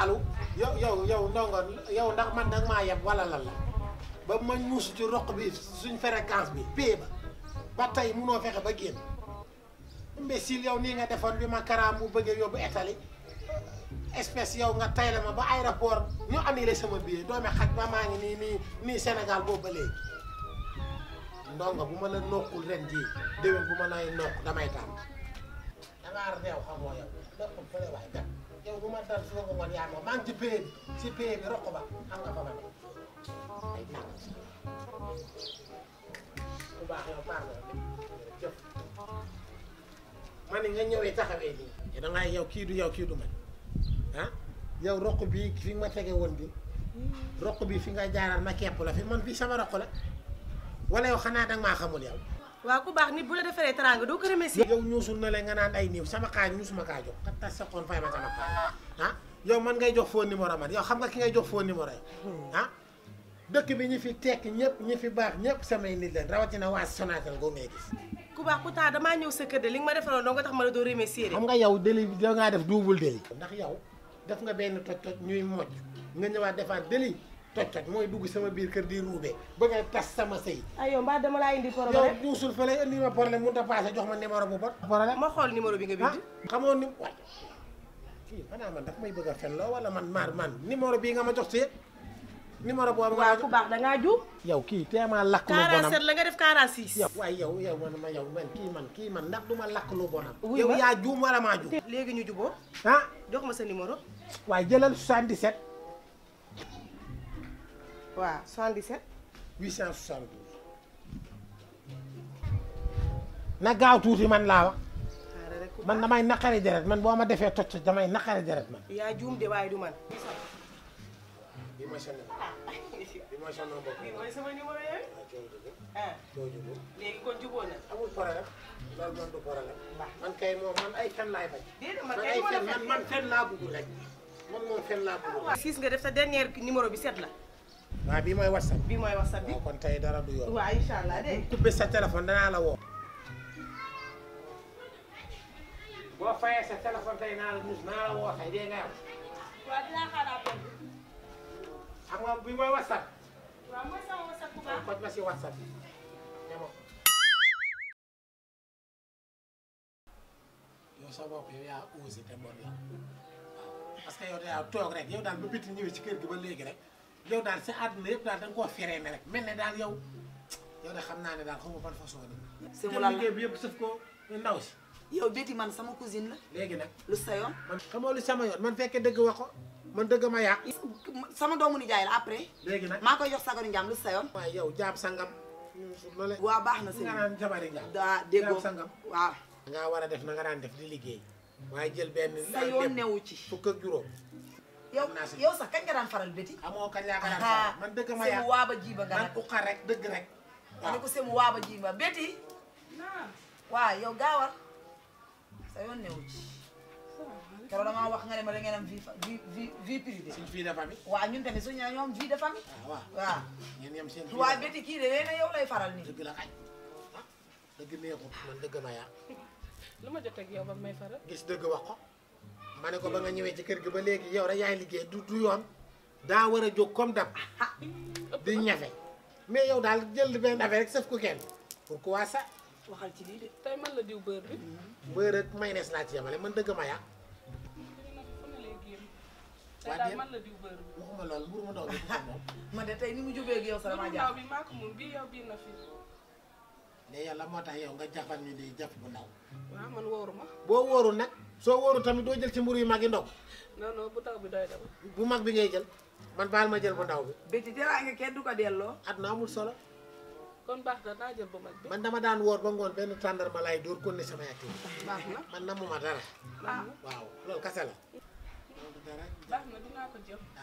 alu yow yow yow ndongo yow ndax man nag maa yeb wala lan la ba mañ muus ci roq bi suñ fréquence bi pée ba ba tey munoo fexe ba génn imbécile yow nii nga defoon bi ma karaam bu bëggee yóbbu Italie espèce yow nga tayle ma ba aéroport ñu annulé sama billet doomi xaj ba maa ngi nii nii nii Sénégal boobu ba léegi ndongo bu ma la nokkul ren jii déwén bu ma lay nokk damay tàmm bu ma dal su ma ko woon yaa moom maa ngi ci pay si pay bi roq ba am nga fa ma yow nga ñëwee taxawee nii. da ngaa kii du yow kii du man ah yow roq bii fi ma tege woon bi roq bi fi nga jaaral ma kepp la fi man bi sama roq la wala yow xanaa danga maa xamul yow. waaw ku baax nit bu la defaree teraanga doo ko remercier. yow ñuusul na la nga naan ay néew sama kaa ñuusuma kaa jox kat tas sa xoon ma sama kaa ah, yow man ngay jox foo numéro man yow xam nga ki ngay jox foo numéro yi hmm. ah, dëkk bi ñi fi tekk ñëpp ñi fi baax ñëpp samay nit lañ rawatina waa Sonatel goo ngay gis. ku baax ku taa damaa ñëw sa kër de li nga ma defaroon doo nga tax ma la doo remercier. xam nga yow deli da ngaa def double deli. ndax yo def nga benn toj-toj ñuy mocc nga ñëwaat defaat deli. toj toj mooy dugg sama bir kër di ruube ba nga tas sama sëy. Ayo, yow mbaa dama laa indi problème yow buusul fële indi ma problème mënut a passé jox ma numéro bu bon. problème ma xool numéro bi nga bind. Ah, xamoon ni waay kii xanaa man daf may bëgg fen wala man maar man numéro bii nga ma jox si numéro boobu nga waaw ku baax dangaa juum. yow kii teema lakk lu bonam 47 la nga def 46. yow yow yow man ma yow man kii man kii man ndax du ma lu bonam. yow yaa juum wala maa juum. léegi ñu juboo ah jox ma sa numéro. jëlal 77. waaw 77. 872. na gaaw tuuti man laa wax. man damay naqari deret man boo ma defee toj damay naqari deret man. yaa juum de waaye du man. bi mooy sa numéro bi mooy sa numéro bi mooy sama numéro yooyu. ah, ah. léegi kon jubóo na. amul problème loolu man du problème. man kay moom man ay fen laay bañ. déedéet man kay man man fen laa bëgg rek man moom fen laa bëgg. gis nga def sa dernier numéro bi set la. waaw bii mooy whatsapp bii mooy whatsapp bi kon tey dara du yoon waaw incha allah de coupé sa téléphone danaa la woo boo fayee sa téléphone tey naa la mus naa la woo tey dee nga am waaw dinaa xaar appel xam nga bii mooy whatsapp waaw mooy sama whatsapp bu baax kon ma si whatsapp bi yow sa bopp yow yaa osé te bon la waaw parce que yow yaa toog rek yow daal ba bitti ñëwee ci kër gi ba léegi rek yow daal sa àdduna yëpp daal da nga koo freiné rek mel ne daal yow yow de xam naa ne daal xaw ma ban façon la. sëñ Moulala bi yëpp sëf ko ndaw si. yow béti man sama cousine la. léegi nag lu sa yoon. man xamoo lu sama yoon man fekkee dëgg wax ko man dëgg ma yàq. sama doomu nijaay la après. léegi nag maa koy jox sagaru njaam lu sa yoon. waaye yow jaab sangam. waa baax na si bi nga naan jabari njaam. daa déggoo jaab sangam waaw. ngaa war a def na nga daan def di liggéey waaye jël benn. sa yoon newu ci fukk ak juróom yow yow sax kañ nga faral béti. amoo ko daan faral man dëgg ma yaa waaba jiiba nga rek dëgg rek. waaw ne ko semu waaba jiiba béti. waaw yow gaawar sa yoon newu ci. keroog damaa wax nga ne ma da ngeen am vie vie vie privée. suñ ñun tamit suñu ñoo am vie de famille. Ah, waaw waaw. kii de nee na yow lay faral nii. dëgg la kay ah dëgg neexut man dëgg ma yaa. lu ma jot ak yow ba may faral. gis dëgg wax ko. mané ko ba nga ñëwé ci kër gi ba légui yow ya, ra yaay liggéey du du yoon da wara jog comme dab di ñafé mais yow dal jël benn affaire rek sëf ko kenn pourquoi ça. waxal ci li de tay man la diw beurre bi. beurre ak mayonnaise laa ci yamalé man dëgg ma yaa. waaw tey man la diw beurre bi. waxuma loolu mburu ma ndaw bi man de tey ni mu jubee ak yow sax ma bi maa ko moom yow bii na fi. mais yàlla moo yow nga jafal ñu di jaf bu ndaw. waaw man wóoru ma. boo wóoru soo wóoru tamit doo jël ci mburu yu mag yi ndaw. non non bu taw bi doy dem. bu mag bi ngay jël man baal ma jël bu ndaw bi. béti jëlaat nga kenn du ko delloo. at na amul solo. kon baax na naa jël bu mag bi. man dama daan woor ba ngoon benn tàndarma laay dóor kon ne samay activité. baax na man namuma dara. Ah. waaw loolu kase la. baax na dinaa ko jël.